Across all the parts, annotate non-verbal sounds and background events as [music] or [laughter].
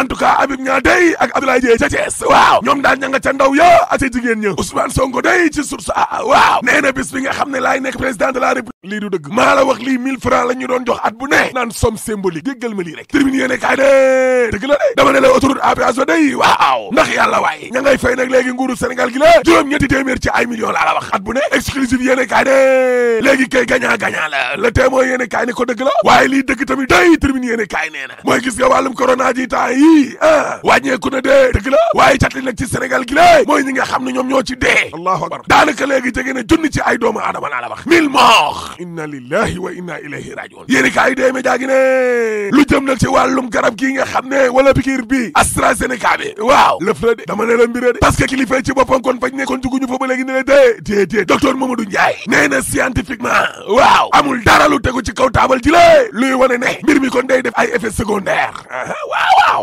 en tout cas Habib Niang day ak Abdoulaye Dieye ca waaw ñoom daal ña nga ca ndaw ya ak ca jigéen ña Ousmane Sonko day ci source a waaw nee na bis nga xam ne laay nekk président de la république lii du dëgg maa wax lii 1000 francs la doon jox at bu ne naan somme symbolique déggal ma lii rek terminé yéene dëgg la de dama ne la autoroute à péage day waaw ndax yàlla waay ña ngay fay nag léegi nguuru Sénégal gi la juróom ñetti téeméer ci ay millions laa wax at bu ne exclusive yéene kaay de léegi kay gagnant gagnant la la waaye lii dëgg tamit day terminé yéene mooy gis nga wàllum gi ah wàññeeku na dee dëgg la waaye cat li nag ci Sénégal gi mooy ñi nga xam ne ñoom ñoo ci dee allahu akbar daanaka ci ay doomu aadama laa la wax mille morts inna lillahi wa inna ilayhi rajiun yéeni kaay dee ma jaagi ne lu jëm ci wàllum garab gi nga xam ne wala pikiir bi AstraZeneca bi waaw lëf la dama ne la mbiré de parce que kilifa ci boppam kon fañ ne kon juguñu fa ba léegi ne la dee dee dee docteur Mamadou Ndiaye nee na scientifiquement waaw amul dara lu tegu ci kaw taabal ji lée luy wane ne mbir mi kon day def ay effets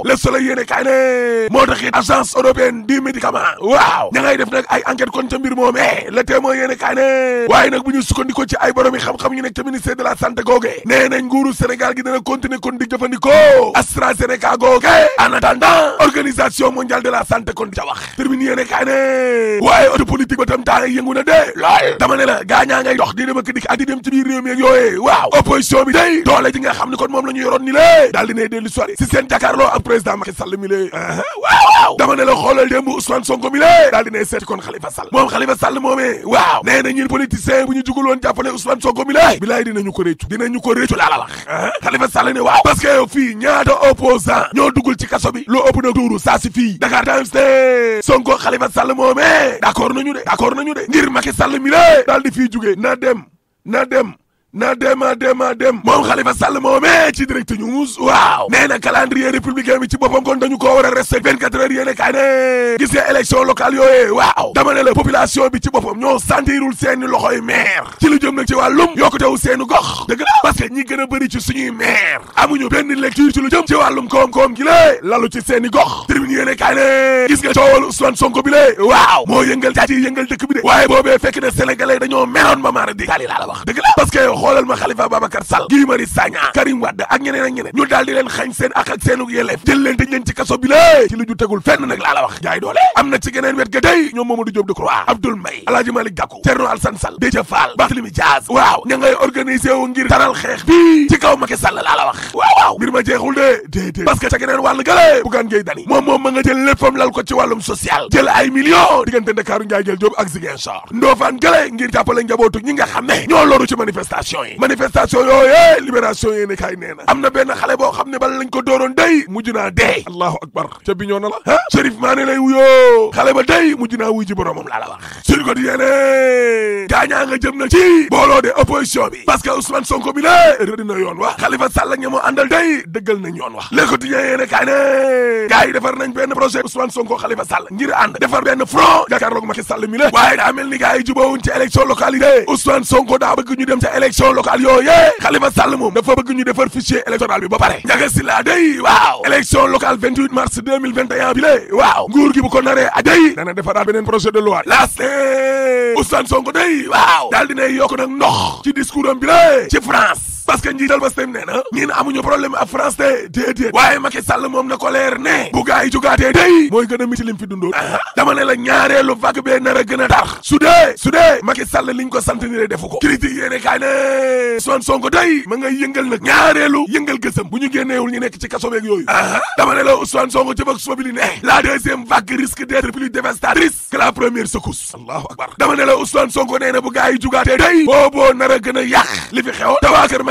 la soleil yéene kaay ne moo tax it agence européenne du médicament waaw ña ngay def ay enquête kon ca mbir moom eh le témoin yéene kaay ne waaye nag bu ñu sukkandikoo ci ay borom yi xam-xam ñu nekk ca ministère de la santé googe nee nañ nguuru Sénégal gi dana continuer kon di jëfandikoo AstraZeneca googe en attendant organisation mondiale de la santé kon di ca wax termine yéene kaay ne waaye auto politique ba tam taa yëngu na dee lool dama ne la gaa ñaa ngay président Macky Sall mi lée waaw waaw dama ne la xoolal démb Ousmane Sonko mi lée daal dinay seeti kon Khalifa Sall moom Khalifa Sall moomee waaw nee na ñun bu ñu jugul woon jàppale Ousmane Sonko mi lée bilaay dinañu ko réccu dinañu ko réccu laala wax Khalifa Sall waaw parce que fii ñaata opposant ñoo dugul ci kaso bi loo na tuuru saa fii Dakar Times de Sonko Khalifa Sall moomee d'accord nañu de d'accord nañu de na dema dema dem moom Khalifa Sall moomee ci direct waaw nee na calendrier bi ci boppam kon dañu koo war a respecté 24 heures yéene gis nga élection locale yooyee waaw dama ne la population bi ci boppam ñoo sentirul seeni loxoy maire ci lu jëm nag ci wàllum yokkutewu seeni gox dëgg la parce que ñi gën a bëri ci suñuy maire amuñu benn lecture ci lu jëm ci wàllum koom-koom gi lée lalu ci seeni gox tribune yéene kaay ne gis nga coowal Ousmane Sonko bi lée waaw que xoolal ma Khalifa Babacar Sall Guy Marius Sagna Karim Wade ak ñeneen ak ñeneen ñu daal di leen xañ seen ak ak seenu yelleef jël leen tëj leen ci kaso bi lée ci lu ju tegul fenn nag laa la wax jaay doole am na ci geneen wet ga day ñoom Mamadou Diop Decroix Abdoul Mbaye Alaaji Malick Gakou Thierno Alassane Sall Déthié Fall Barthélémy Dias waaw ña ngay organiser wu ngir taral xeex bi ci kaw Macky Sall laa la wax waaw mbir ma jeexul de déedéet parce que ca geneen wàll gale bugaan ngay moom ma nga jël léppam lal ko ci wàllum social jël ay millions diggante Ndakaaru Njaay jël Jóob ak Ziguinchor ndoofaan gale ngir jàppale njabootu ñi nga xam ne ñoo loru ci manifestation yi manifestation yooyee libération yéene kaay nee na am na benn xale boo xam ne bala lañ ko dooroon day mujj naa dee allahu akbar ca bi ñoo na la ah lay wuyoo xale ba day mujj naa wuy ji na ci booloo de opposition bi parce que day dëggal nañ yoon wax Le Quotidien yéene kaay ne gars yi defar nañ benn projet Ousmane Sonko Khalifa Sall ngir ànd defar benn front jàkkaarloog Macky Sall mi la waaye daa ni gars yi jubóowuñ ci élection locale yi de Ousmane Sonko daa bëgg ñu dem ca élection locale yooyee Khalifa Sall moom dafa bëgg ñu defar fichier électoral bi ba pare Ndiaga Sylla day waaw élection locale 28 mars bi la waaw nguur gi bu ko naree a day dana defaraat beneen projet de loi laas eh. Ousmane Sonko day waaw daal dinay yokk nag la ci parce que njiital ba sem nee na ñun amuñu problème ak France te déedéet waaye Macky Sall moom na ko leer ne bu jugaatee day mooy gën a miti lim fi dundoon dama ne la ñaareelu vague bee nar a gën a tax su dee su Sall liñ ko sant ni defu ko critique yéene kaay ne Ousmane Sonko day ma ngay yëngal nag ñaareelu yëngal gësam bu ñu génneewul ñu nekk ci kaso beeg yooyu dama ne la Ousmane Sonko ci bëgg suba bi la deuxième vague risque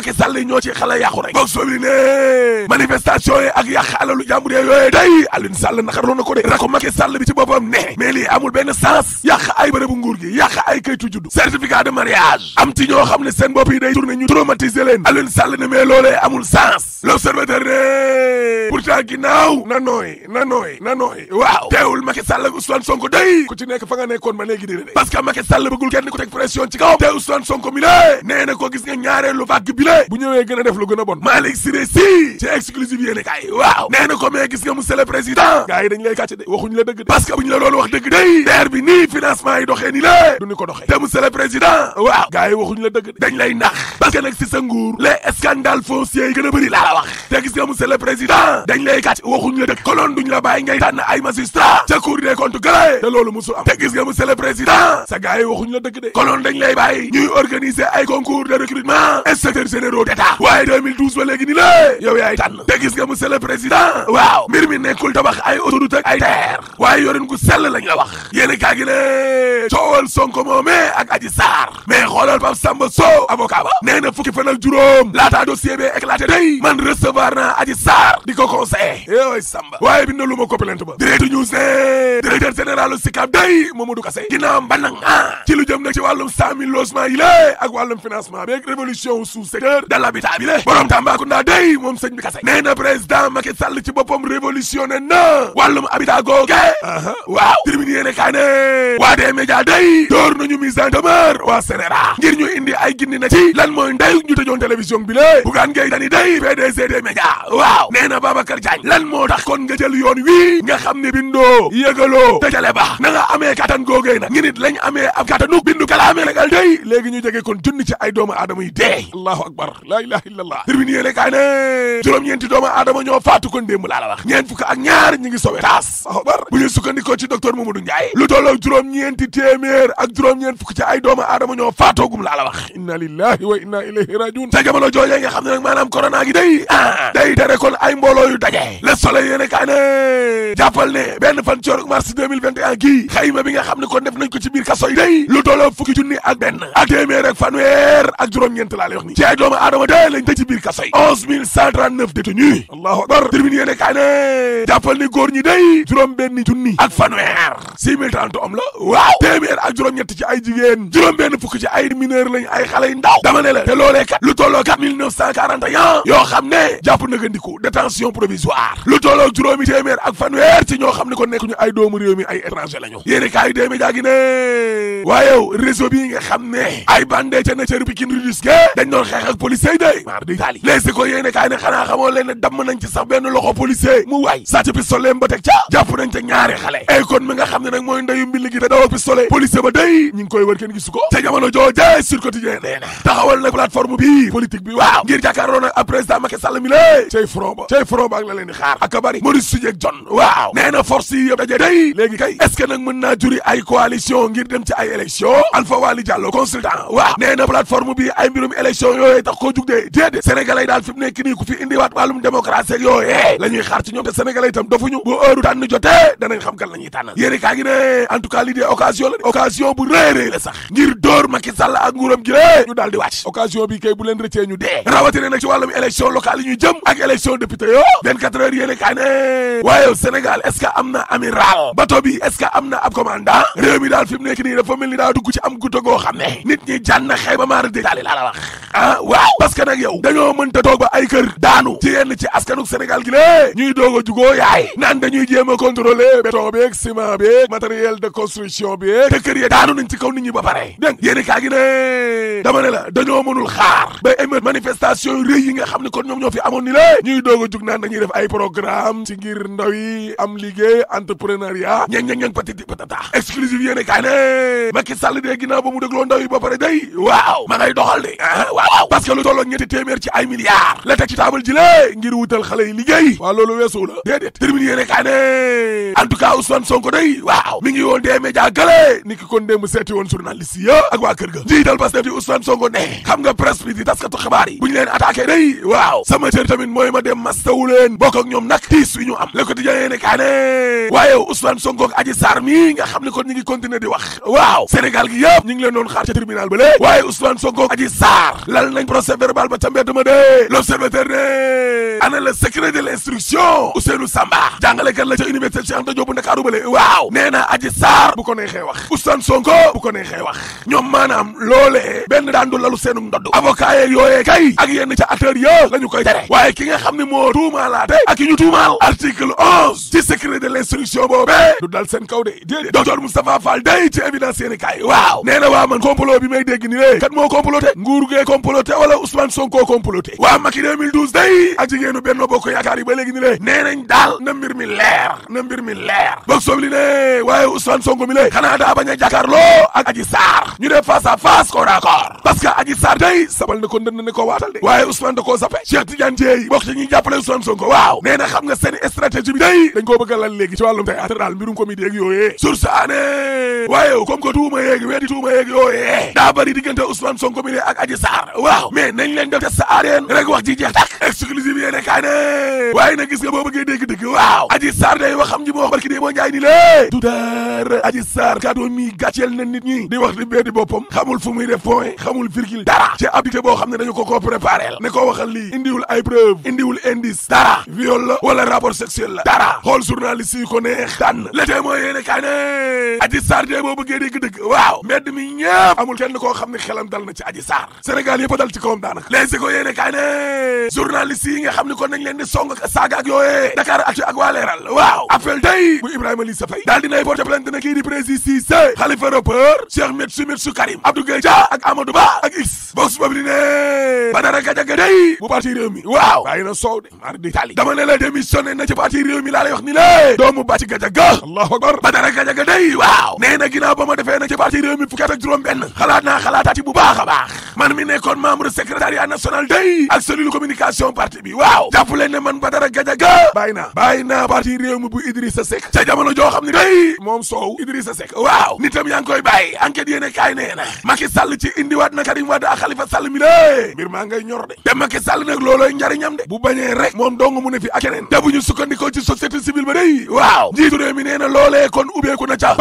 Macky Sall yi ñoo ci xala yàqu rek boog sobi ne manifestation yi ak yàq alalu jàmbur yooyu day Alioune Sall naqarloo na ko de rako Macky Sall bi ci boppam ne mais amul benn sens yàq ay bërëbu nguur gi yàq ay kayitu juddu certificat de mariage am ci ñoo xam ne seen bopp day tourné ñu traumatiser leen Alioune Sall ne mais loolee amul sens l'observateur ne pourtant ginnaaw na nooy na nooy na nooy waaw teewul Macky Sall ak Ousmane Sonko day ku ci nekk ku teg de bu ñëwee gën a def lu gën a bon Malick Siré si ci exclusive yéene kaay waaw nee ko mais gis nga monsieur le président gars yi lay kàcce de waxuñu la dëgg de parce bu ñu la dëgg de dañ lay nax parce que si sa nguur les scandales fonciers yi gën a bëri laa la wax te gis nga monsieur le président dañ lay kàcce waxuñu la dëgg koloon duñ la bàyyi ngay tànn ay magistrat ca cour des comptes gële te loolu musul am te gis nga monsieur le président sa gars waxuñu la dëgg généraux d'état waaye 2012 ba léegi ni la yow yaay tànn te gis nga monsieur le président waaw mbir mi nekkul tabax ay autoroute ak ay terre waaye yorin gu sell lañ la wax yéen kaa gi ne coowal Sonko moome ak Adji Sarr mais xoolal Pape Samba Sow avocat ba nee na fukki fan ak juróom laataa dossier bi éclaté day man recevoir naa Adji Sarr di ko conseillé yooyu Samba waaye bind lu ma ko plainte ba direct news ne directeur général SICAP day Mamadou Kassé ginnaaw mbanang ah ci lu secteur de l'habitat bi le borom Tambacounda day moom sëñ bi kase nee na président Macky Sall ci boppam révolutionné na wàllum habitat googe waaw tribune yéene kaa ne waa des médias day door nañu mise en demeure waa CNRA ngir ñu indi ay gindi na ci lan mooy ndey ñu tëjoon télévision bi le bugaan ngay dani day PDG des médias waaw nee na Babacar Diagne lan moo tax kon nga jël yoon wii nga xam ne bindoo yëgaloo tëjale baax na nga amee kattan googee nag ngi nit lañ amee ab kattanuk bindu kalaamee legal day léegi ñu akbar laa ilaha illallah tribune yéene kaay ne juróom ñoo faatu kon démb laa wax ñeent fukk ak ñaar ñi ngi taas bu ñu sukkandikoo ci docteur Mamadou Ndiaye lu tolloo juróom-ñeenti téeméer ak juróom-ñeent fukk ci ay doomu aadama ñoo faatoogum laa la wax inna lillahi wa inna ilayhi rajiun te jamono joojee nga xam ne nag maanaam corona gi day ah day tere ay mbooloo yu daje le soleil yéene kaay ne benn fan ci mars 2021 gii xayma bi nga xam ne doomu aadama de lañ tëj ci biir kaso yi onze mille cent trente neuf détenus allahu akbar tribune yéene kaay ne jàppal ni góor ñi day juróom benn junni ak fanweer six mille trente hommes la waaw téeméer ak juróom-ñett ci ay jigéen juróom benn fukk ci ay mineur lañ ay xale yu ndaw dama ne la te loolee kat lu tolloo kat mille neuf cent quarante et un yoo xam ne jàpp na gandiku provisoire lu tolloo juróomi téeméer ak fanweer ci ñoo xam ne kon ne waaye réseau ay bandee policier yi day maar di taali ko yéene kaay xanaa xamoo leen ne nañ ci sax loxo policier mu waay sàcc pistolet ba teg ca jàpp nañ ca ñaari xale ay kon nga xam ne nag mooy ndeyu mbilli gi te dawal pistolet policier ba day ñu ngi koy wër kenn gisu ko ca jamono jooje sur quotidien nee na nag plateforme bi politique bi waaw ngir jàkkaarloo nag ak président Macky Sall mi lé cay front ba cay front ba la leen xaar ak bari Maurice Soudieck John waaw nee na force yi daje day tax koo jug dee déedéet sénégalais yi daal fi mu nekk nii ku fi indiwaat wàllum démocratie ak yooyee la ci ñoom te sénégalais itam dofuñu bu heure tànn jotee danañ xam kan la ñuy tànnal yéeni kaa gi ne en tout cas lii de occasion bu rëy rëy ngir dóor Macky Sall ak nguuram gi lée ñu daal di wàcc occasion bi kay bu leen rëccee ñu dee rawatina nag ci wàllum élection locale yi ñu jëm ak élection député yo 24 heures yéeni kaa ne waaye Sénégal est-ce que am na amiral bateau ce que am na ab commandant réew mi daal fi mu nekk nii dafa xam ne nit ñi jànn xëy ba maar ah waaw parce que nag yow dañoo mënta toog ba ay kër daanu ci yenn ci askanuk Sénégal gi lée ñuy doog a jugoo yaay naan dañuy jéem a contrôler béton beeg ciment beeg matériel de construction beeg te kër ya daanu nañ ci kaw nit ñi ba pare dégg nga yéeni kaa gi ne dama ne la dañoo mënul xaar ba éme manifestation yu rëy yi nga xam ne kon ñoom ñoo fi amoon ni lée ñuy doog a jug naan dañuy def ay programme ci ngir ndaw yi am liggéey entrepreneuriat ñeng ñeng ñeng patiti patata exclusive yéeni ba mu dégloo ndaw yi ba pare day waaw ma ngay doxal waaw parce que lu tolloog ñetti téeméer ci ay milliards la teg ci taabal ji lée ngir wutal xale yi liggéey waaw loolu weesu la déedéet terminé rek ané en tout cas day waaw mi ngi woon dee média gale ni ki kon démb seeti woon journaliste yi ak waa kër ga njiital Pastef di Ousmane Sonko ne xam nga presse bi di taskatu xibaar yi bu ñu leen attaqué day waaw sama cër tamit mooy ma dem mastawu leen bokk ñoom nag tiis wi ñu am le quotidien yéene kaa ne waaye Ousmane Sonko ak Adji Sarr mi nga xam ne kon ñu ngi continuer di wax waaw Sénégal gi yëpp ñu ngi leen doon xaar ca tribunal ba lée waaye Ousmane Sonko ak Adji lal nañ procès verbal ba ca ma dee l'observateur ne ana le secret de l'instruction Ousseynou Samba jàngalekat la ca université Cheikh Anta Diop bu Ndakaaru bale waaw nee na Adji bu ko neexee wax Ousmane Sonko bu ko neexee wax ñoom maanaam loolee benn daan du lalu seenu ndodd avocat yeeg yooyee kay ak yenn ca acteurs ya koy tere waaye ki nga xam ne moo tuumaalaate ak ñu tuumaal article 11 ci secret de l'instruction boobee du dal seen kaw de comploté wala Ousmane Sonko comploté waa Macky 2012 day ak jigéenu Benno Bokk Yaakaar ba léegi ni lee nee daal na mbir mi leer na mbir mi leer bog sob li ne waaye Ousmane Sonko mi lay xanaa daa bañ a jàkkaarloo ak Adji Sarr ñu def face à face corps à corps parce que Adji day sabal na ko ndënd ko waatal de waaye Ousmane da koo sape Cheikh Tidiane Dieye bokk ci ñuy jàppale Ousmane Sonko waaw nee na nga seen stratégie bi day dañ koo bëgg a lal ci wàllum waaw mais nañ leen def test ADN rek wax ji jeex tak exclusive yéene kaay ne waaye nag gis nga boo bëggee dégg dëgg waaw Adji Sarr day wax xam ji moo wax barki dee boo njaay ni lée du dara Adji Sarr kàddu mi gàcceel na nit ñi di wax di bee di xam xamul fu muy def point xamul virgule dara ci ab dictée boo xam ne dañu ko ko préparé ne ko waxal lii indiwul ay preuve indiwul indice dara viol la wala rapport sexuel la dara xool journaliste yi ko mi ñëpp amul kenn koo xam ne xelam dal na ci Sénégal yëpp a dal ci kawam daanaka les éco yéene kaay ne journalistes yi nga xam ne kon nañ leen di song ak saaga ak yooyee Dakar Actu ak waa Leeral waaw appel day bu Ibrahima Lissa Faye daal dinay porté plainte na kii di prési Cissé Khalifa Rappeur Cheikh Metsu Metsu Karim Abdou ak Amadou ak X box boobu Badara Gadiaga day bu parti réew waaw bàyyi na soow de mar di tali dama ne la démissionné na ci parti réew mi laa lay wax ni la doomu allahu akbar Badara Gadiaga day waaw nee na a kon membre secrétariat national day ak cellule communication parti bi waaw jàpp ne man Badara Gadiaga bàyyi naa bàyyi naa parti réew mi bu a Seck ca jamono joo xam ne day moom soow Idrissa Seck waaw nitam yaa ngi koy bàyyi enquête yéene kaay nee na Macky Sall ci indiwaat na Karim Wade ak Khalifa Sall mi lé mbir maa ngay ñor de te Macky Sall nag loolooy njariñam de bu bañee rek moom dong mu ne fi ak keneen te bu ñu sukkandikoo ci société civile ba na loolee kon ubbeeku na ca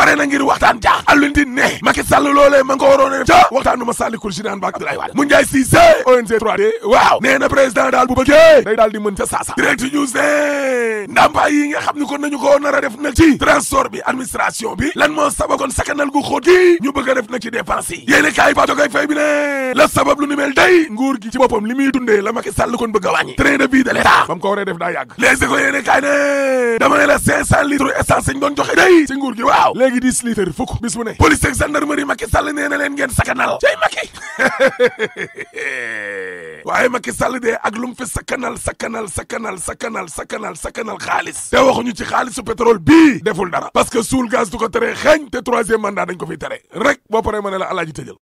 Ndiaye Cissé ONG 3D waaw nee na président daal bu bëggee day daal di mën ca saasa direct news ne ndàmpaay yi nga xam ni kon nañu ko nar def nag ci transport bi administration bi lan moo sabab kon sakanal gu xóot gi ñu bëgg def nag ci dépense yi kaay ba jogoy fay bi ne la sabab lu ni day nguur gi ci boppam li muy dundee la Macky Sall kon bëgg a wàññi train de vie de l'état ba def daa yàgg les écoles yéeni kaay ne damay la cinq cent gi waaw léegi dix litres fukk bis bu ne police ak gendarmerie Macky Sall [laughs] [laughs] waaye Macky Sall de ak lu mu fi sakkanal sakkanal sakkanal sakkanal sakkanal sakkanal xaalis te waxuñu ci xaalisu pétrole bii deful dara parce que suul gaz du ko xeeñ te troisième mandat dañ ko fiy tere rek boo paree ma ne la alaaji tëjal